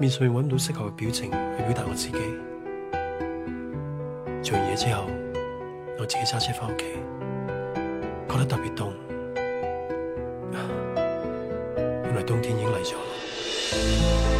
面上面揾唔到適合嘅表情去表達我自己。做完嘢之後，我自己揸車返屋企，覺得特別凍。原來冬天已經嚟咗。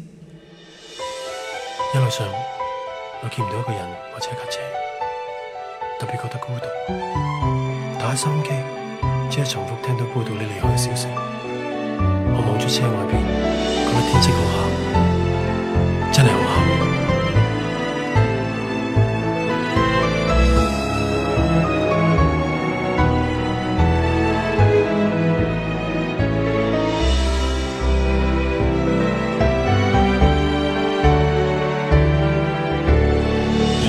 一路上我見唔到一個人或者一架車，特別覺得孤獨。打開收音機，只係重複聽到報導你離開嘅消息。我望住車外邊，嗰個天色好黑。